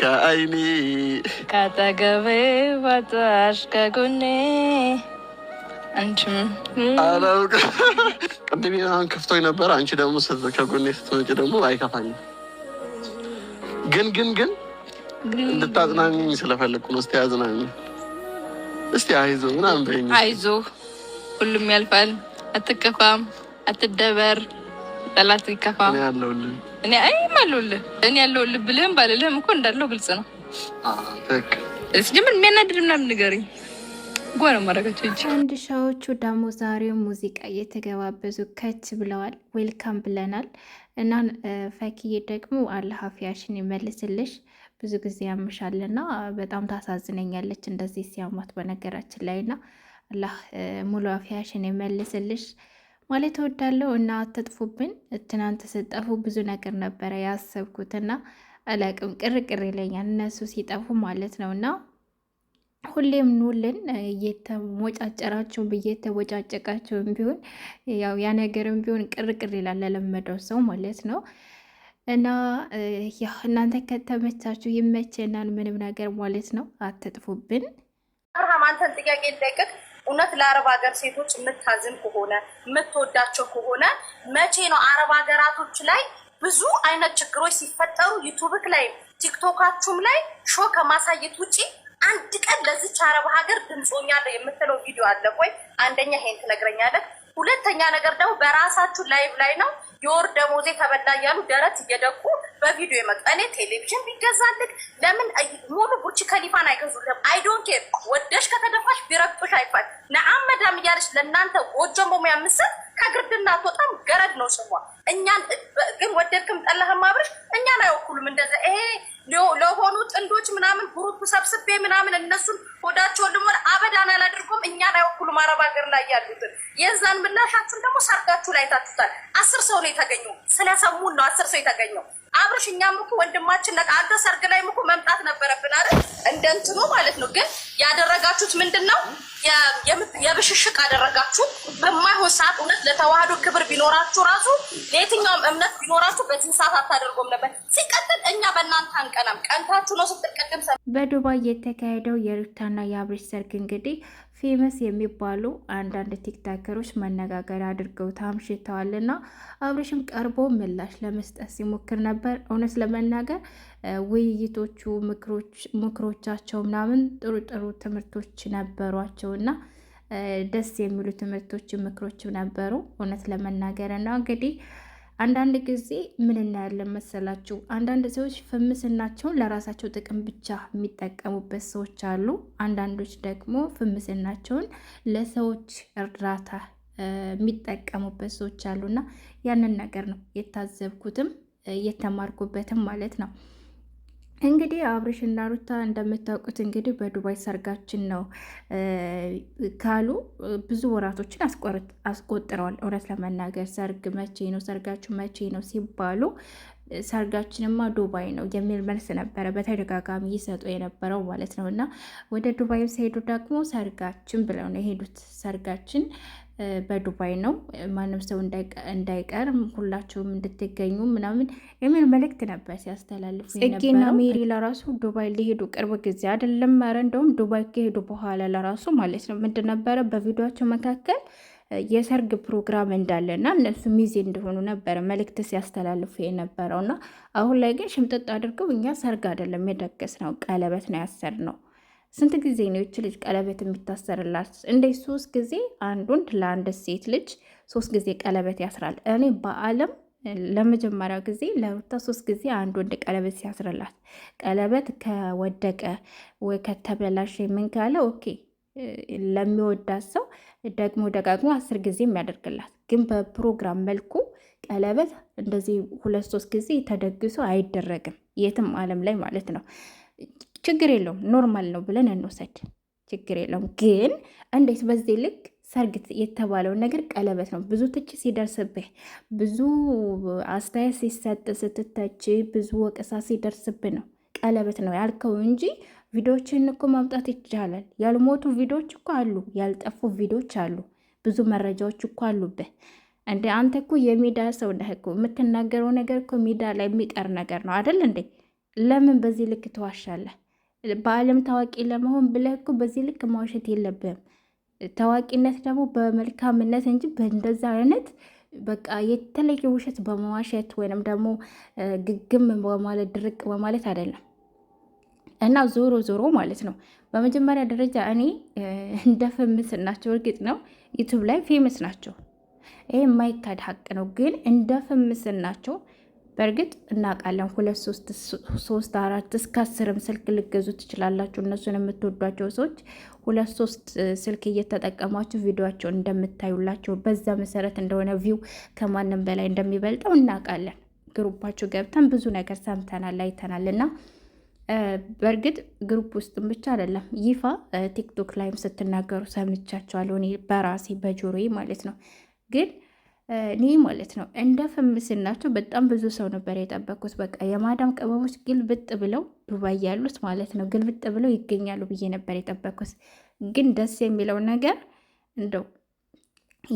ከአይኔ ከአጠገቤ ወጣሽ ከጎኔ አንቺም አላውቅም። ቅድም ከፍቶኝ ነበር። አንቺ ደግሞ ከጎኔ ስትመጪ ደግሞ አይከፋኝም። ግን ግን ግን እንድታጽናኝኝ ስለፈለግኩ ነው። እስቲ አዝናኝ፣ እስቲ አይዞህ ምናምን በይኝ። አይዞህ፣ ሁሉም ያልፋል። አትከፋም፣ አትደበር። ጠላት ይከፋ ያለውልን እኔ አይም አለሁልህ እኔ አለሁልህ ብልህም ባልልህም እኮ እንዳለው ግልጽ ነው። እስኪ ምን የሚያናድድ ምናምን ንገረኝ። አንድ ሻዎቹ ደግሞ ዛሬው ሙዚቃ እየተገባበዙ ከች ብለዋል። ዌልካም ብለናል እና ፈኪዬ ደግሞ አላህ አፍያሽን ይመልስልሽ። ብዙ ጊዜ ያምሻልና በጣም ታሳዝነኛለች እንደዚህ ሲያማት። በነገራችን ላይ እና አላህ ሙሉ አፍያሽን ይመልስልሽ። ማለት እወዳለሁ እና አትጥፉብን። ትናንት ስጠፉ ብዙ ነገር ነበረ ያሰብኩትና አላቅም ቅርቅር ይለኛል እነሱ ሲጠፉ ማለት ነው እና ሁሌም ኑልን እየተሞጫጨራቸውን እየተወጫጨቃቸውን ቢሆን ያው ያ ነገርም ቢሆን ቅርቅር ይላል ለለመደው ሰው ማለት ነው እና እናንተ ከተመቻችሁ ይመቸናል፣ ምንም ነገር ማለት ነው። አትጥፉብን። አንተን ጥያቄ ልጠይቅ እውነት ለአረብ ሀገር ሴቶች የምታዝን ከሆነ የምትወዳቸው ከሆነ መቼ ነው አረብ ሀገራቶች ላይ ብዙ አይነት ችግሮች ሲፈጠሩ ዩቱብክ ላይ ቲክቶካችሁም ላይ ሾ ከማሳየት ውጪ አንድ ቀን ለዚች አረብ ሀገር ድምፆኛለሁ የምትለው ቪዲዮ አለ ወይ? አንደኛ ይሄን ትነግረኛለህ። ሁለተኛ ነገር ደግሞ በራሳችሁ ላይቭ ላይ ነው የወር ደሞዜ ተበላ እያሉ ደረት እየደቁ በቪዲዮ የመጡ እኔ ቴሌቪዥን ቢገዛልግ ለምን ሙሉ ቡርች ከሊፋን አይገዙልም? አይዶን ኬር ወደሽ ከተደፋሽ ቢረግጦሽ አይፋል ነአመዳም እያለች ለእናንተ ጎጆ በሙያ ምስል ከግርድ እናት በጣም ገረድ ነው ስሟ። እኛን ግን ወደድክም ጠላህም አብረሽ እኛን አይወኩሉም። እንደዚ ይሄ ለሆኑ ጥንዶች ምናምን ጉሩፕ ሰብስቤ ምናምን እነሱን ሆዳቸውን ልሞን አበዳን አላደርጎም። እኛን አይወኩሉም። አረብ ሀገር ላይ ያሉትን የዛን ምላሻችሁን ደግሞ ሰርጋችሁ ላይ ታችሁታል። አስር ሰው ነው የተገኘው። ስለሰሙን ነው አስር ሰው የተገኘው። አብርሽ፣ እኛም እኮ ወንድማችን ነህ። አንተ ሰርግ ላይም እኮ መምጣት ነበረብን አይደል? እንደ እንትኑ ማለት ነው። ግን ያደረጋችሁት ምንድን ነው? የብሽሽቅ አደረጋችሁ። በማይሆን ሰዓት እውነት ለተዋህዶ ክብር ቢኖራችሁ ራሱ ለየትኛውም እምነት ቢኖራችሁ በዚህ ሰዓት አታደርጎም ነበር። ሲቀጥል እኛ በእናንተ አንቀናም፣ ቀንታችሁ ነው ስትል ቅድም በዱባይ የተካሄደው የሩታና የአብርሽ ሰርግ እንግዲህ ፌመስ የሚባሉ አንዳንድ ቲክታከሮች መነጋገሪያ አድርገው ታምሽተዋልና አብርሽም ቀርቦ ምላሽ ለመስጠት ሲሞክር ነበር። እውነት ለመናገር ውይይቶቹ፣ ምክሮቻቸው ምናምን ጥሩ ጥሩ ትምህርቶች ነበሯቸውና ደስ የሚሉ ትምህርቶች ምክሮች ነበሩ እውነት ለመናገር እና እንግዲህ አንዳንድ ጊዜ ምን እናያለን መሰላችሁ? አንዳንድ ሰዎች ፍምስናቸውን ለራሳቸው ጥቅም ብቻ የሚጠቀሙበት ሰዎች አሉ። አንዳንዶች ደግሞ ፍምስናቸውን ለሰዎች እርዳታ የሚጠቀሙበት ሰዎች አሉና ያንን ነገር ነው የታዘብኩትም የተማርኩበትም ማለት ነው። እንግዲህ አብርሽ እና ሩታ እንደምታውቁት እንግዲህ በዱባይ ሰርጋችን ነው ካሉ ብዙ ወራቶችን አስቆጥረዋል። እውነት ለመናገር ሰርግ መቼ ነው ሰርጋችሁ መቼ ነው ሲባሉ ሰርጋችንማ ዱባይ ነው የሚል መልስ ነበረ በተደጋጋሚ ይሰጡ የነበረው ማለት ነው። እና ወደ ዱባይም ሲሄዱ ደግሞ ሰርጋችን ብለው ነው የሄዱት ሰርጋችን በዱባይ ነው። ማንም ሰው እንዳይቀር ሁላችሁም እንድትገኙ ምናምን የሚል መልእክት ነበር ሲያስተላልፉ። ጽጌና ሜሪ ለራሱ ዱባይ ሊሄዱ ቅርብ ጊዜ አይደለም፣ ኧረ እንደውም ዱባይ ከሄዱ በኋላ ለራሱ ማለት ነው ምንድን ነበረ በቪዲዮቸው መካከል የሰርግ ፕሮግራም እንዳለና እነሱ ሚዜ እንደሆኑ ነበረ መልእክት ሲያስተላልፉ የነበረው የነበረውና አሁን ላይ ግን ሽምጥጥ አድርገው እኛ ሰርግ አይደለም የደገስ ነው ቀለበት ነው ያሰር ነው ስንት ጊዜ ነው ይች ልጅ ቀለበት የሚታሰርላት? እንደ ሶስት ጊዜ አንድ ወንድ ለአንድ ሴት ልጅ ሶስት ጊዜ ቀለበት ያስራል። እኔ በዓለም ለመጀመሪያ ጊዜ ለሩታ ሶስት ጊዜ አንድ ወንድ ቀለበት ሲያስርላት፣ ቀለበት ከወደቀ ወይ ከተበላሸ ምን ካለ ኦኬ ለሚወዳት ሰው ደግሞ ደጋግሞ አስር ጊዜ የሚያደርግላት ግን በፕሮግራም መልኩ ቀለበት እንደዚህ ሁለት ሶስት ጊዜ ተደግሶ አይደረግም የትም ዓለም ላይ ማለት ነው። ችግር የለውም ኖርማል ነው ብለን እንውሰድ፣ ችግር የለውም ግን እንዴት በዚህ ልክ ሰርግ የተባለውን ነገር ቀለበት ነው። ብዙ ትች ሲደርስብህ፣ ብዙ አስተያየት ሲሰጥ፣ ስትተች፣ ብዙ ወቀሳ ሲደርስብህ ነው ቀለበት ነው ያልከው እንጂ ቪዲዎችን እኮ ማምጣት ይቻላል። ያልሞቱ ቪዲዎች እኮ አሉ፣ ያልጠፉ ቪዲዎች አሉ፣ ብዙ መረጃዎች እኮ አሉብህ። እንደ አንተ እኮ የሚዳ ሰው ነህ እኮ የምትናገረው ነገር እኮ ሚዳ ላይ የሚቀር ነገር ነው አደል እንዴ? ለምን በዚህ ልክ ትዋሻለህ? በዓለም ታዋቂ ለመሆን ብለህ እኮ በዚህ ልክ ማውሸት የለብህም። ታዋቂነት ደግሞ በመልካምነት እንጂ በእንደዛ አይነት በቃ የተለየ ውሸት በመዋሸት ወይንም ደግሞ ግግም በማለት ድርቅ በማለት አይደለም። እና ዞሮ ዞሮ ማለት ነው በመጀመሪያ ደረጃ እኔ እንደ ፌመስ ናቸው። እርግጥ ነው ዩቱብ ላይ ፌመስ ናቸው፣ ይሄ የማይካድ ሀቅ ነው። ግን እንደ ፌመስ ናቸው በእርግጥ እናውቃለን ሁለት ሶስት አራት እስከ አስርም ስልክ ልገዙ ትችላላችሁ። እነሱን የምትወዷቸው ሰዎች ሁለት ሶስት ስልክ እየተጠቀሟችሁ ቪዲዮቸው እንደምታዩላቸው በዛ መሰረት እንደሆነ ቪው ከማንም በላይ እንደሚበልጠው እናውቃለን። ግሩፓችሁ ገብተን ብዙ ነገር ሰምተናል፣ አይተናል እና በእርግጥ ግሩፕ ውስጥም ብቻ አይደለም ይፋ ቲክቶክ ላይም ስትናገሩ ሰምቻቸዋለሁ እኔ በራሴ በጆሮዬ ማለት ነው ግን እኔ ማለት ነው እንደ ፈምስናቸው በጣም ብዙ ሰው ነበር የጠበኩት። በቃ የማዳም ቅመሞች ግልብጥ ብለው ዱባይ ያሉት ማለት ነው ግልብጥ ብለው ይገኛሉ ብዬ ነበር የጠበኩት። ግን ደስ የሚለው ነገር እንደው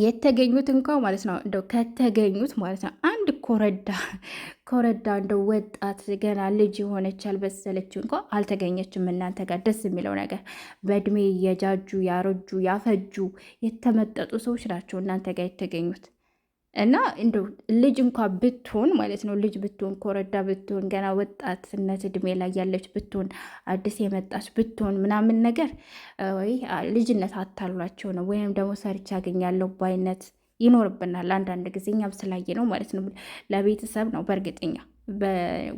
የተገኙት እንኳ ማለት ነው እንደው ከተገኙት ማለት ነው አንድ ኮረዳ ኮረዳ እንደው ወጣት ገና ልጅ የሆነች ያልበሰለችው እንኳ አልተገኘችም። እናንተ ጋር ደስ የሚለው ነገር በእድሜ የጃጁ ያረጁ ያፈጁ የተመጠጡ ሰዎች ናቸው እናንተ ጋር የተገኙት። እና እንደው ልጅ እንኳ ብትሆን ማለት ነው ልጅ ብትሆን ኮረዳ ብትሆን ገና ወጣትነት እድሜ ላይ ያለች ብትሆን አዲስ የመጣች ብትሆን ምናምን ነገር ወይ ልጅነት አታሏቸው ነው ወይም ደግሞ ሰርች ያገኛለው ባይነት ይኖርብናል። አንዳንድ ጊዜ እኛም ስላየ ነው ማለት ነው ለቤተሰብ ነው በእርግጠኛ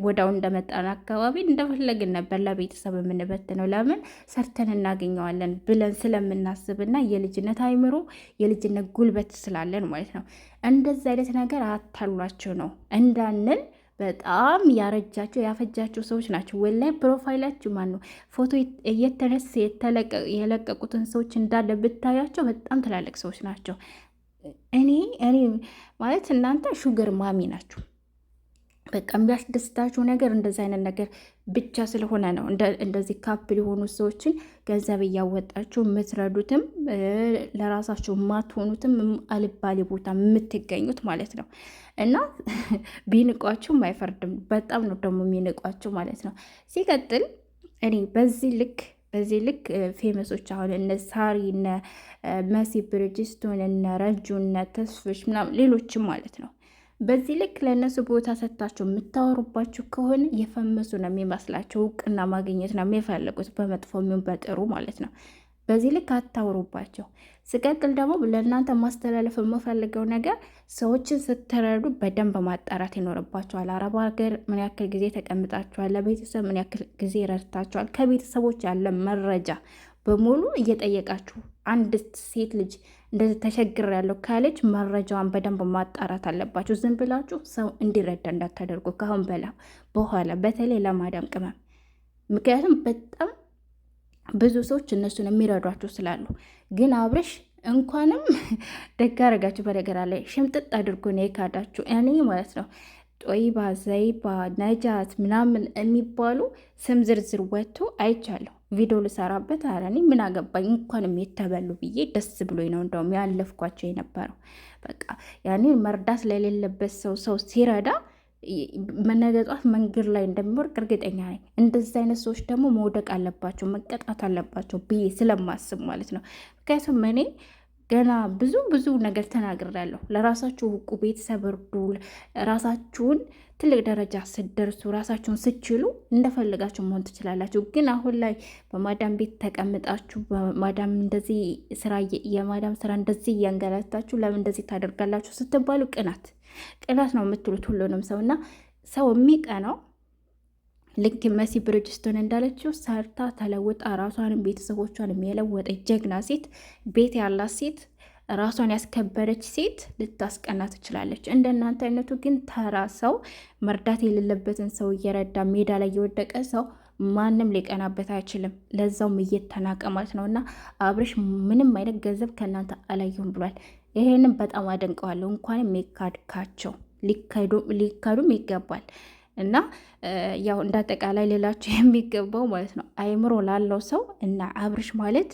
ወዳው እንደመጣን አካባቢ እንደፈለግን ነበር ለቤተሰብ የምንበትነው። ለምን ሰርተን እናገኘዋለን ብለን ስለምናስብና የልጅነት አይምሮ የልጅነት ጉልበት ስላለን ማለት ነው። እንደዚ አይነት ነገር አታሏቸው ነው እንዳንል በጣም ያረጃቸው ያፈጃቸው ሰዎች ናቸው። ወላይ ፕሮፋይላችሁ ማን ነው? ፎቶ እየተነሳ የለቀቁትን ሰዎች እንዳለ ብታያቸው በጣም ትላልቅ ሰዎች ናቸው። እኔ እኔ ማለት እናንተ ሹገር ማሚ ናችሁ። በቃ የሚያስደስታችሁ ነገር እንደዚህ አይነት ነገር ብቻ ስለሆነ ነው። እንደዚህ ካፕል የሆኑ ሰዎችን ገንዘብ እያወጣችሁ የምትረዱትም ለራሳችሁ የማትሆኑትም አልባሌ ቦታ የምትገኙት ማለት ነው። እና ቢንቋችሁም አይፈርድም። በጣም ነው ደግሞ የሚንቋችሁ ማለት ነው። ሲቀጥል እኔ በዚህ ልክ በዚህ ልክ ፌመሶች አሁን እነ ሳሪ እነ መሲ ብርጅስቶን እነ ረጁ እነ ተስፎች ምናምን ሌሎችም ማለት ነው በዚህ ልክ ለእነሱ ቦታ ሰጥታችሁ የምታወሩባችሁ ከሆነ የፈመሱ ነው የሚመስላቸው። እውቅና ማግኘት ነው የሚፈልጉት፣ በመጥፎ የሚሆን በጥሩ ማለት ነው። በዚህ ልክ አታውሩባቸው። ስቀጥል ደግሞ ለእናንተ ማስተላለፍ የምፈልገው ነገር ሰዎችን ስትረዱ በደንብ ማጣራት ይኖርባቸዋል። አረብ ሀገር ምን ያክል ጊዜ ተቀምጣችኋል? ለቤተሰብ ምን ያክል ጊዜ ረድታችኋል? ከቤተሰቦች ያለ መረጃ በሙሉ እየጠየቃችሁ አንድ ሴት ልጅ እንደዚህ ያለው ካለች መረጃዋን በደንብ ማጣራት አለባችሁ። ዝም ብላችሁ ሰው እንዲረዳ እንዳታደርጉ ካሁን በላ በኋላ በተለይ ለማዳም ቅመም፣ ምክንያቱም በጣም ብዙ ሰዎች እነሱን የሚረዷቸው ስላሉ። ግን አብረሽ እንኳንም ደጋ አረጋችሁ። በነገራ ላይ ሽምጥጥ አድርጎ ነው የካዳችሁ። እኔ ማለት ነው ጦይባ ዘይባ ነጃት ምናምን የሚባሉ ስም ዝርዝር ወጥቶ አይቻለሁ። ቪዲዮ ልሰራበት አረኔ ምን አገባኝ እንኳንም የተበሉ ብዬ ደስ ብሎኝ ነው እንደውም ያለፍኳቸው የነበረው። በቃ ያኔ መርዳት ለሌለበት ሰው ሰው ሲረዳ መነገጧት መንገድ ላይ እንደሚወርቅ እርግጠኛ ነኝ። እንደዚ አይነት ሰዎች ደግሞ መውደቅ አለባቸው መቀጣት አለባቸው ብዬ ስለማስብ ማለት ነው። ምክንያቱም እኔ ገና ብዙ ብዙ ነገር ተናግሬያለሁ። ለራሳችሁ ውቁ ቤተሰብ እርዱ ራሳችሁን ትልቅ ደረጃ ስደርሱ ራሳችሁን ስችሉ እንደፈለጋችሁ መሆን ትችላላችሁ። ግን አሁን ላይ በማዳም ቤት ተቀምጣችሁ በማዳም እንደዚህ ስራ የማዳም ስራ እንደዚህ እያንገላታችሁ ለምን እንደዚህ ታደርጋላችሁ ስትባሉ ቅናት ቅናት ነው የምትሉት ሁሉንም ሰው እና ሰው የሚቀናው ልክ መሲ ስትሆን እንዳለችው ሰርታ ተለውጣ ራሷንም ቤተሰቦቿንም የለወጠ ጀግና ሴት ቤት ያላት ሴት ራሷን ያስከበረች ሴት ልታስቀና ትችላለች። እንደናንተ አይነቱ ግን ተራ ሰው መርዳት የሌለበትን ሰው እየረዳ ሜዳ ላይ የወደቀ ሰው ማንም ሊቀናበት አይችልም። ለዛውም እየተናቀ ማለት ነው። እና አብርሽ ምንም አይነት ገንዘብ ከእናንተ አላየሁም ብሏል። ይሄንም በጣም አደንቀዋለሁ። እንኳንም የካድካቸው ሊካዱም ይገባል። እና ያው እንዳጠቃላይ ሌላቸው የሚገባው ማለት ነው አይምሮ ላለው ሰው እና አብርሽ ማለት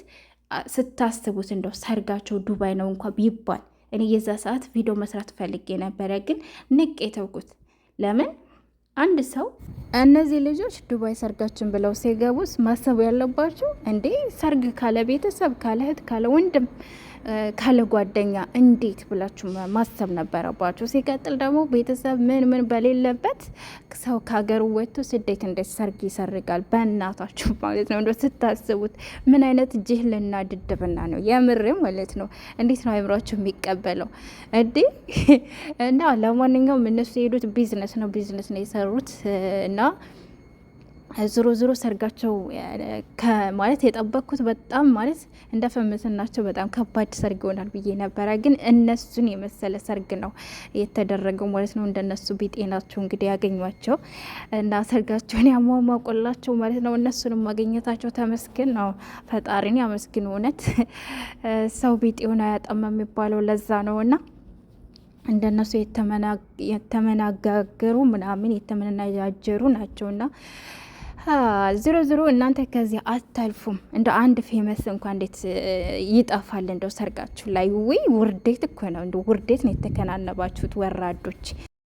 ስታስቡት እንደው ሰርጋቸው ዱባይ ነው እንኳ ቢባል እኔ የዛ ሰዓት ቪዲዮ መስራት ፈልጌ ነበረ፣ ግን ንቅ የተውኩት ለምን አንድ ሰው እነዚህ ልጆች ዱባይ ሰርጋችን ብለው ሲገቡስ ማሰቡ ያለባቸው እንዴ ሰርግ ካለ ቤተሰብ ካለ እህት ካለ ወንድም ካለ ጓደኛ እንዴት ብላችሁ ማሰብ ነበረባችሁ። ሲቀጥል ደግሞ ቤተሰብ ምን ምን በሌለበት ሰው ከሀገሩ ወጥቶ ስደት እንዴት ሰርግ ይሰርጋል? በእናታችሁ ማለት ነው። እንደው ስታስቡት ምን አይነት ጅህልና ድድብና ነው የምር ማለት ነው። እንዴት ነው አይምሯቸው የሚቀበለው እንዴ? እና ለማንኛውም እነሱ የሄዱት ቢዝነስ ነው፣ ቢዝነስ ነው የሰሩት እና ዝሮ ዝሮ ሰርጋቸው ማለት የጠበቅኩት በጣም ማለት እንደፈምስናቸው በጣም ከባድ ሰርግ ይሆናል ብዬ ነበረ። ግን እነሱን የመሰለ ሰርግ ነው የተደረገው ማለት ነው። እንደነሱ ቢጤናቸው እንግዲህ ያገኟቸው እና ሰርጋቸውን ያሟሟቆላቸው ማለት ነው። እነሱንም ማግኘታቸው ተመስገን ነው። ፈጣሪን ያመስግን። እውነት ሰው ቢጤውን አያጣም የሚባለው ለዛ ነው እና እንደነሱ የተመናጋገሩ ምናምን የተመናጃጀሩ ናቸውና ዝሮ ዝሮ እናንተ ከዚህ አታልፉም። እንደ አንድ ፌመስ እንኳ እንዴት ይጠፋል? እንደው ሰርጋችሁ ላይ ውይ፣ ውርዴት እኮ ነው። እንደ ውርዴት ነው የተከናነባችሁት ወራዶች።